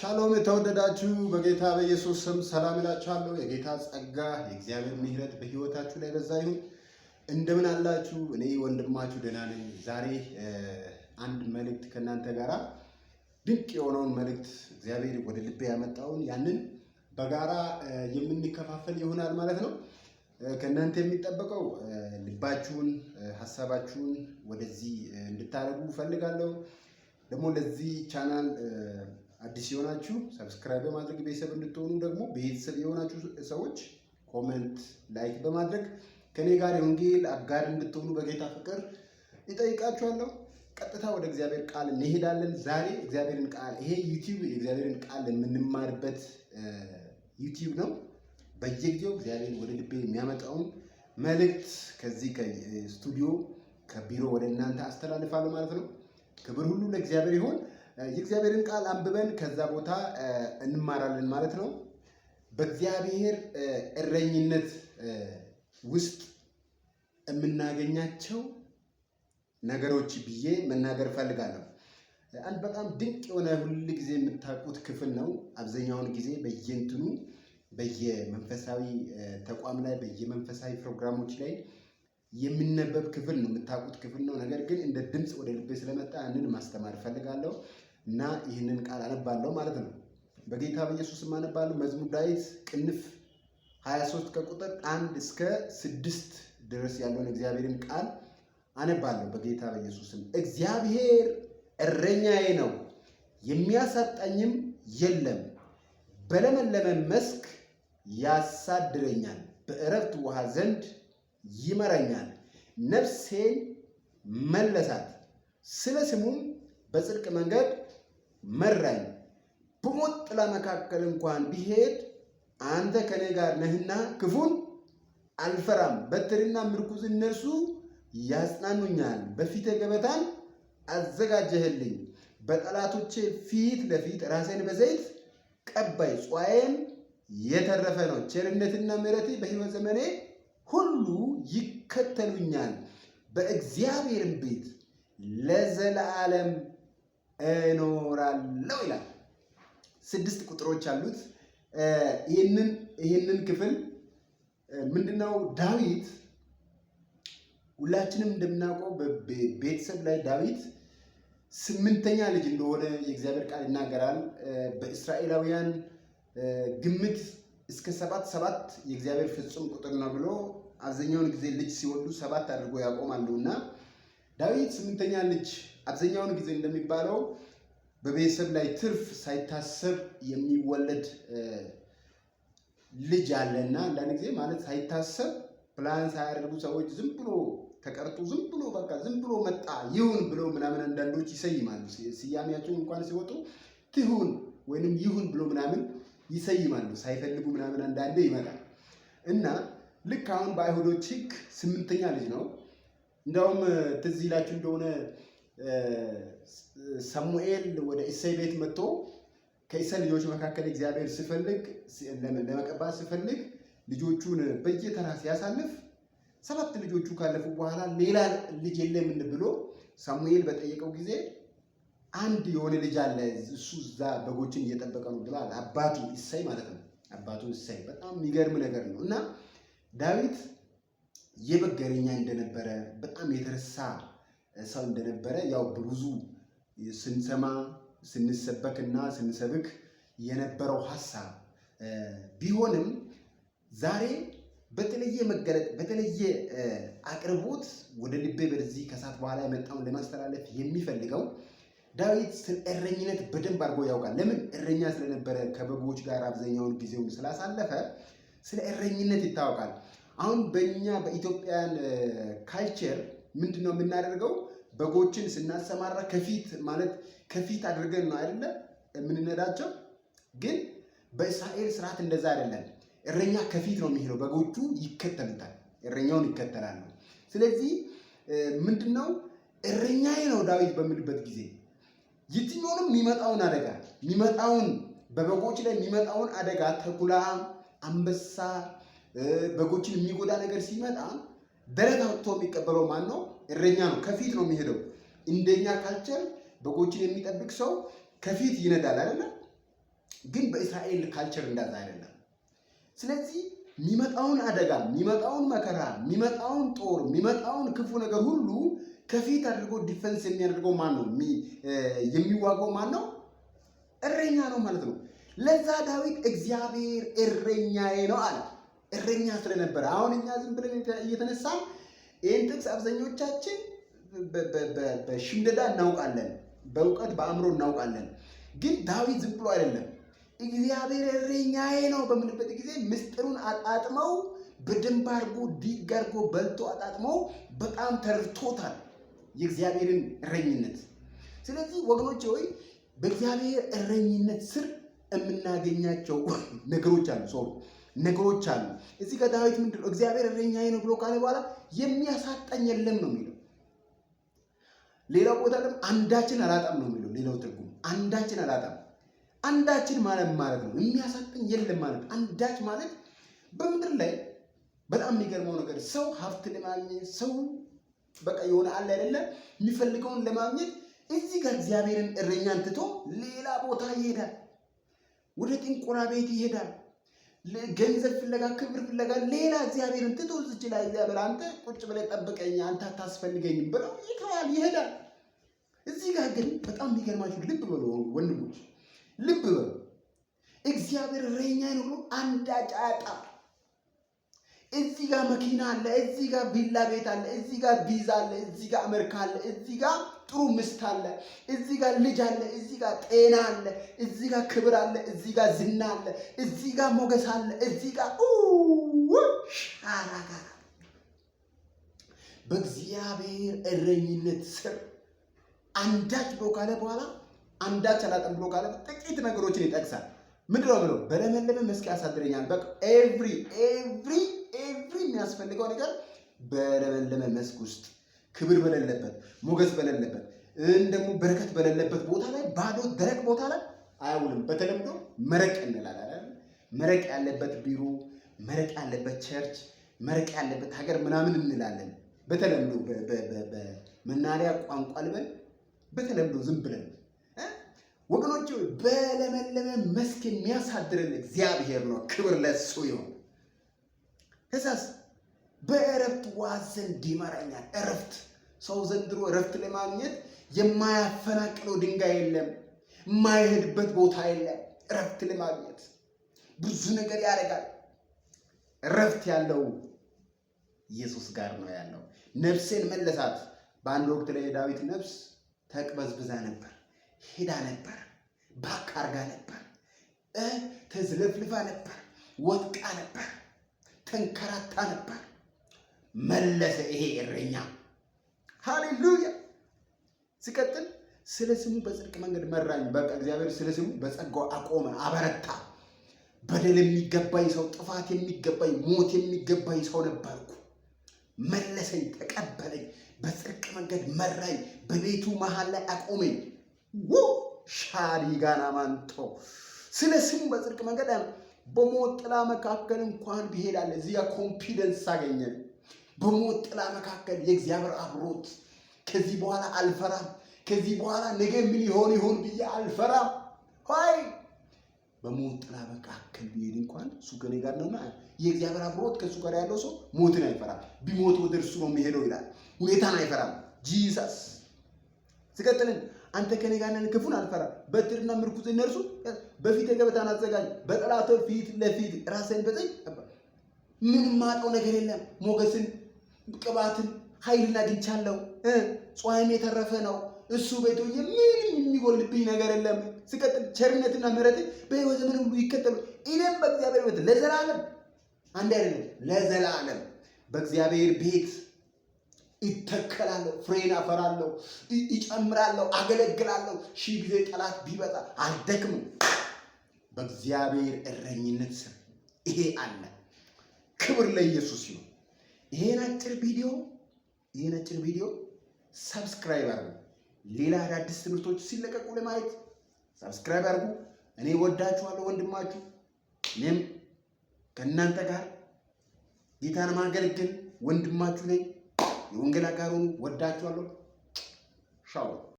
ሻሎም የተወደዳችሁ በጌታ በኢየሱስ ስም ሰላም እላችኋለሁ። የጌታ ጸጋ የእግዚአብሔር ምሕረት በሕይወታችሁ ላይ በዛ ይሁን። እንደምን አላችሁ? እኔ ወንድማችሁ ደህና ነኝ። ዛሬ አንድ መልእክት ከእናንተ ጋር ድንቅ የሆነውን መልእክት እግዚአብሔር ወደ ልቤ ያመጣውን ያንን በጋራ የምንከፋፈል ይሆናል ማለት ነው። ከእናንተ የሚጠበቀው ልባችሁን፣ ሀሳባችሁን ወደዚህ እንድታደርጉ እፈልጋለሁ። ደግሞ ለዚህ ቻናል አዲስ የሆናችሁ ሰብስክራይብ በማድረግ ቤተሰብ እንድትሆኑ ደግሞ ቤተሰብ የሆናችሁ ሰዎች ኮመንት፣ ላይክ በማድረግ ከኔ ጋር የወንጌል አጋር እንድትሆኑ በጌታ ፍቅር ይጠይቃችኋለሁ። ቀጥታ ወደ እግዚአብሔር ቃል እንሄዳለን። ዛሬ እግዚአብሔርን ቃል ይሄ ዩቲዩብ የእግዚአብሔርን ቃል የምንማርበት ዩቲዩብ ነው። በየጊዜው እግዚአብሔር ወደ ልቤ የሚያመጣውን መልእክት ከዚህ ከስቱዲዮ ከቢሮ ወደ እናንተ አስተላልፋለሁ ማለት ነው። ክብር ሁሉ ለእግዚአብሔር ይሆን። የእግዚአብሔርን ቃል አንብበን ከዛ ቦታ እንማራለን ማለት ነው። በእግዚአብሔር እረኝነት ውስጥ የምናገኛቸው ነገሮች ብዬ መናገር እፈልጋለሁ። አንድ በጣም ድንቅ የሆነ ሁል ጊዜ የምታውቁት ክፍል ነው። አብዛኛውን ጊዜ በየእንትኑ በየመንፈሳዊ ተቋም ላይ በየመንፈሳዊ ፕሮግራሞች ላይ የሚነበብ ክፍል ነው፣ የምታውቁት ክፍል ነው። ነገር ግን እንደ ድምፅ ወደ ልቤ ስለመጣ ያንን ማስተማር እፈልጋለሁ። እና ይህንን ቃል አነባለሁ ማለት ነው። በጌታ በኢየሱስ አነባለሁ። መዝሙር ዳዊት ቅንፍ 23 ከቁጥር አንድ እስከ ስድስት ድረስ ያለውን እግዚአብሔርን ቃል አነባለሁ። በጌታ በኢየሱስም እግዚአብሔር እረኛዬ ነው፣ የሚያሳጣኝም የለም። በለመለመ መስክ ያሳድረኛል፣ በእረፍት ውሃ ዘንድ ይመራኛል። ነፍሴን መለሳት፣ ስለ ስሙም በጽድቅ መንገድ መራኝ። በሞት ጥላ መካከል እንኳን ቢሄድ አንተ ከኔ ጋር ነህና ክፉን አልፈራም። በትርና ምርኩዝ እነርሱ ያጽናኑኛል። በፊት ገበታን አዘጋጀህልኝ፣ በጠላቶቼ ፊት ለፊት ራሴን በዘይት ቀባይ። ጽዋዬም የተረፈ ነው። ቸርነትና ምሕረቴ በሕይወት ዘመኔ ሁሉ ይከተሉኛል፣ በእግዚአብሔርም ቤት ለዘላለም እኖራለሁ ይላል። ስድስት ቁጥሮች አሉት። ይህንን ይህንን ክፍል ምንድነው ዳዊት ሁላችንም እንደምናውቀው በቤተሰብ ላይ ዳዊት ስምንተኛ ልጅ እንደሆነ የእግዚአብሔር ቃል ይናገራል። በእስራኤላውያን ግምት እስከ ሰባት ሰባት የእግዚአብሔር ፍጹም ቁጥር ነው ብሎ አብዛኛውን ጊዜ ልጅ ሲወልዱ ሰባት አድርጎ ያቆማሉ እና ዳዊት ስምንተኛ ልጅ አብዛኛውን ጊዜ እንደሚባለው በቤተሰብ ላይ ትርፍ ሳይታሰብ የሚወለድ ልጅ አለና አንዳንድ ጊዜ ማለት ሳይታሰብ ፕላን ሳያደርጉ ሰዎች ዝም ብሎ ተቀርጦ ዝም ብሎ በቃ ዝም ብሎ መጣ ይሁን ብሎ ምናምን አንዳንዶች ይሰይማሉ። ስያሜያቸው እንኳን ሲወጡ ትሁን ወይንም ይሁን ብሎ ምናምን ይሰይማሉ። ሳይፈልጉ ምናምን አንዳንዴ ይመጣል እና ልክ አሁን በአይሁዶች ሕግ ስምንተኛ ልጅ ነው። እንዲያውም ትዝ ይላችሁ እንደሆነ ሰሙኤል ወደ እሴይ ቤት መጥቶ ከእሴይ ልጆች መካከል እግዚአብሔር ሲፈልግ ለመቀባት ሲፈልግ ልጆቹን በየተራ ሲያሳልፍ ሰባት ልጆቹ ካለፉ በኋላ ሌላ ልጅ የለምን ብሎ ሳሙኤል በጠየቀው ጊዜ አንድ የሆነ ልጅ አለ፣ እሱ እዛ በጎችን እየጠበቀ ነው ብሏል። አባቱ እሴይ ማለት ነው። አባቱ እሴይ በጣም የሚገርም ነገር ነው እና ዳዊት የበገረኛ እንደነበረ በጣም የተረሳ ሰው እንደነበረ ያው በብዙ ስንሰማ እና ስንሰብክ የነበረው ሀሳብ ቢሆንም ዛሬ በተለየ መገለጥ በተለየ አቅርቦት ወደ ልቤ በዚህ ከሰዓት በኋላ የመጣውን ለማስተላለፍ የሚፈልገው ዳዊት ስለ እረኝነት በደንብ አድርጎ ያውቃል። ለምን እረኛ ስለነበረ ከበጎች ጋር አብዛኛውን ጊዜውን ስላሳለፈ ስለ እረኝነት ይታወቃል። አሁን በእኛ በኢትዮጵያን ካልቸር ምንድን ነው የምናደርገው? በጎችን ስናሰማራ ከፊት ማለት ከፊት አድርገን ነው አይደለ የምንነዳቸው። ግን በእስራኤል ስርዓት እንደዛ አይደለም። እረኛ ከፊት ነው የሚሄደው፣ በጎቹ ይከተሉታል፣ እረኛውን ይከተላሉ። ስለዚህ ምንድነው እረኛዬ ነው ዳዊት በሚልበት ጊዜ የትኛውንም የሚመጣውን አደጋ የሚመጣውን በበጎች ላይ የሚመጣውን አደጋ ተኩላ፣ አንበሳ፣ በጎችን የሚጎዳ ነገር ሲመጣ ደረት አውጥቶ የሚቀበለው ማን ነው? እረኛ ነው። ከፊት ነው የሚሄደው። እንደኛ ካልቸር በጎችን የሚጠብቅ ሰው ከፊት ይነዳል አይደለም። ግን በእስራኤል ካልቸር እንዳዛ አይደለም። ስለዚህ የሚመጣውን አደጋ፣ የሚመጣውን መከራ፣ የሚመጣውን ጦር፣ የሚመጣውን ክፉ ነገር ሁሉ ከፊት አድርጎ ዲፌንስ የሚያደርገው ማን ነው? የሚዋጋው ማን ነው? እረኛ ነው ማለት ነው። ለዛ ዳዊት እግዚአብሔር እረኛዬ ነው አለ። እረኛ ስለነበረ አሁን እኛ ዝም ብለን እየተነሳን ይህን ጥቅስ አብዛኞቻችን በሽምደዳ እናውቃለን፣ በእውቀት በአእምሮ እናውቃለን። ግን ዳዊት ዝም ብሎ አይደለም እግዚአብሔር እረኛዬ ነው በምንበት ጊዜ ምስጢሩን አጣጥመው በደንብ አድርጎ ዲግ አድርጎ በልቶ አጣጥመው በጣም ተርቶታል የእግዚአብሔርን እረኝነት። ስለዚህ ወገኖች ወይ በእግዚአብሔር እረኝነት ስር የምናገኛቸው ነገሮች አሉ ሰው ነገሮች አሉ። እዚህ ጋር ዳዊት ምንድን ነው እግዚአብሔር እረኛዬ ነው ብሎ ካለ በኋላ የሚያሳጣኝ የለም ነው የሚለው። ሌላው ቦታ ደግሞ አንዳችን አላጣም ነው የሚለው። ሌላው ትርጉም አንዳችን አላጣም። አንዳችን ማለት ማለት ነው የሚያሳጣኝ የለም ማለት አንዳች ማለት በምድር ላይ በጣም የሚገርመው ነገር ሰው ሀብት ለማግኘት ሰው በቃ የሆነ አለ አይደለ የሚፈልገውን ለማግኘት እዚህ ጋር እግዚአብሔርን እረኛን ትቶ ሌላ ቦታ ይሄዳል። ወደ ጥንቁራ ቤት ይሄዳል። ገንዘብ ፍለጋ፣ ክብር ፍለጋ ሌላ እግዚአብሔርን ትቶ እዚች ላይ እግዚአብሔር አንተ ቁጭ ብለህ ጠብቀኝ፣ አንተ አታስፈልገኝም ብለው ይተዋል፣ ይሄዳል። እዚህ ጋር ግን በጣም የሚገርማችሁ ልብ በሉ ወንድሞች፣ ልብ በሉ እግዚአብሔር እረኛዬ ነው ብሎ አንዳች አያጣም። እዚህ ጋር መኪና አለ፣ እዚህ ጋር ቪላ ቤት አለ፣ እዚህ ጋር ቪዛ አለ፣ እዚህ ጋር አሜሪካ አለ፣ እዚህ ጋር ጥሩ ምስት አለ፣ እዚህ ጋር ልጅ አለ፣ እዚህ ጋር ጤና አለ፣ እዚህ ጋር ክብር አለ፣ እዚህ ጋር ዝና አለ፣ እዚህ ጋር ሞገስ አለ፣ እዚህ ጋር ሻራጋራ በእግዚአብሔር እረኝነት ስር አንዳች ብሎ ካለ በኋላ አንዳች አላጠም ብሎ ካለ ጥቂት ነገሮችን ይጠቅሳል። ምንድነው ብሎ በለመለመ መስክ ያሳድረኛል። በቃ ኤቭሪ ኤቭሪ ኤቭሪ የሚያስፈልገው ነገር በለመለመ መስክ ውስጥ ክብር በሌለበት፣ ሞገስ በሌለበት፣ ደግሞ በረከት በሌለበት ቦታ ላይ ባዶ ደረቅ ቦታ ላይ አይውልም። በተለምዶ መረቅ እንላለን። መረቅ ያለበት ቢሮ፣ መረቅ ያለበት ቸርች፣ መረቅ ያለበት ሀገር ምናምን እንላለን። በተለምዶ መናሪያ ቋንቋ ልበል፣ በተለምዶ ዝም ብለን ወገኖች፣ በለመለመ መስክ የሚያሳድረን እግዚአብሔር ነው። ክብር ለሱ ይሆን። ከዛስ በእረፍት ዋዝ ዘንድ ይመራኛል። እረፍት ሰው ዘንድሮ እረፍት ለማግኘት የማያፈናቅለው ድንጋይ የለም፣ የማይሄድበት ቦታ የለም። እረፍት ለማግኘት ብዙ ነገር ያደርጋል። እረፍት ያለው ኢየሱስ ጋር ነው ያለው። ነፍሴን መለሳት። በአንድ ወቅት ላይ የዳዊት ነፍስ ተቅበዝብዛ ነበር፣ ሄዳ ነበር፣ ባካርጋ ነበር፣ ተዝለፍልፋ ነበር፣ ወጥቃ ነበር፣ ተንከራታ ነበር። መለሰ ይሄ እረኛ። ሃሌሉያ። ሲቀጥል ስለ ስሙ በጽድቅ መንገድ መራኝ። በቃ እግዚአብሔር ስለ ስሙ በጸጋው አቆመ፣ አበረታ። በደል የሚገባኝ ሰው፣ ጥፋት የሚገባኝ ሞት የሚገባኝ ሰው ነበርኩ። መለሰኝ፣ ተቀበለኝ፣ በጽድቅ መንገድ መራኝ፣ በቤቱ መሀል ላይ አቆመኝ። ው ሻሪጋና ማንቶ ስለ ስሙ በጽድቅ መንገድ በሞት ጥላ መካከል እንኳን ብሄዳለ እዚያ ኮንፊደንስ አገኘን። በሞት ጥላ መካከል የእግዚአብሔር አብሮት ከዚህ በኋላ አልፈራም፣ ከዚህ በኋላ ነገ ምን ይሆን ይሆን ብዬ አልፈራም። ሆይ በሞት ጥላ መካከል ቢሄድ እንኳን እሱ ከኔ ጋር ነውና የእግዚአብሔር አብሮት ከእሱ ጋር ያለው ሰው ሞትን አይፈራም። ቢሞት ወደ እርሱ ነው የሚሄደው ይላል። ሁኔታን አይፈራም። ጂሰስ ስቀጥልን አንተ ከኔ ጋር ነህ፣ ክፉን አልፈራ። በትርና ምርኩዝ እነርሱ በፊት ገበታን አዘጋጅ፣ በጠላቶች ፊት ለፊት ራስህን በጠኝ። ምን ማውቀው ነገር የለም ሞገስን ቅባትን ኃይልን አግኝቻለሁ። ጽዋይም የተረፈ ነው። እሱ ቤቱ ምንም የሚጎልብኝ ነገር የለም። ስቀጥል ቸርነትና ምሕረትን በሕይወት ዘመን ሁሉ ይከተሉ እኔም በእግዚአብሔር ቤት ለዘላለም አንድ አይደለም፣ ለዘላለም በእግዚአብሔር ቤት ይተከላለሁ፣ ፍሬን አፈራለሁ፣ ይጨምራለሁ፣ አገለግላለሁ። ሺ ጊዜ ጠላት ቢበጣ አልደክምም። በእግዚአብሔር እረኝነት ስር ይሄ አለ። ክብር ለኢየሱስ ይሁን። ይሄን አጭር ቪዲዮ ይሄን አጭር ቪዲዮ ሰብስክራይብ አርጉ። ሌላ አዳዲስ ትምህርቶች ሲለቀቁ ለማየት ሰብስክራይብ አርጉ። እኔ ወዳችኋለሁ፣ ወንድማችሁ እኔም ከእናንተ ጋር ጌታን ማገልገል ወንድማችሁ ነኝ። የወንጌል አጋር ሆኑ። ወዳችኋለሁ። ሻው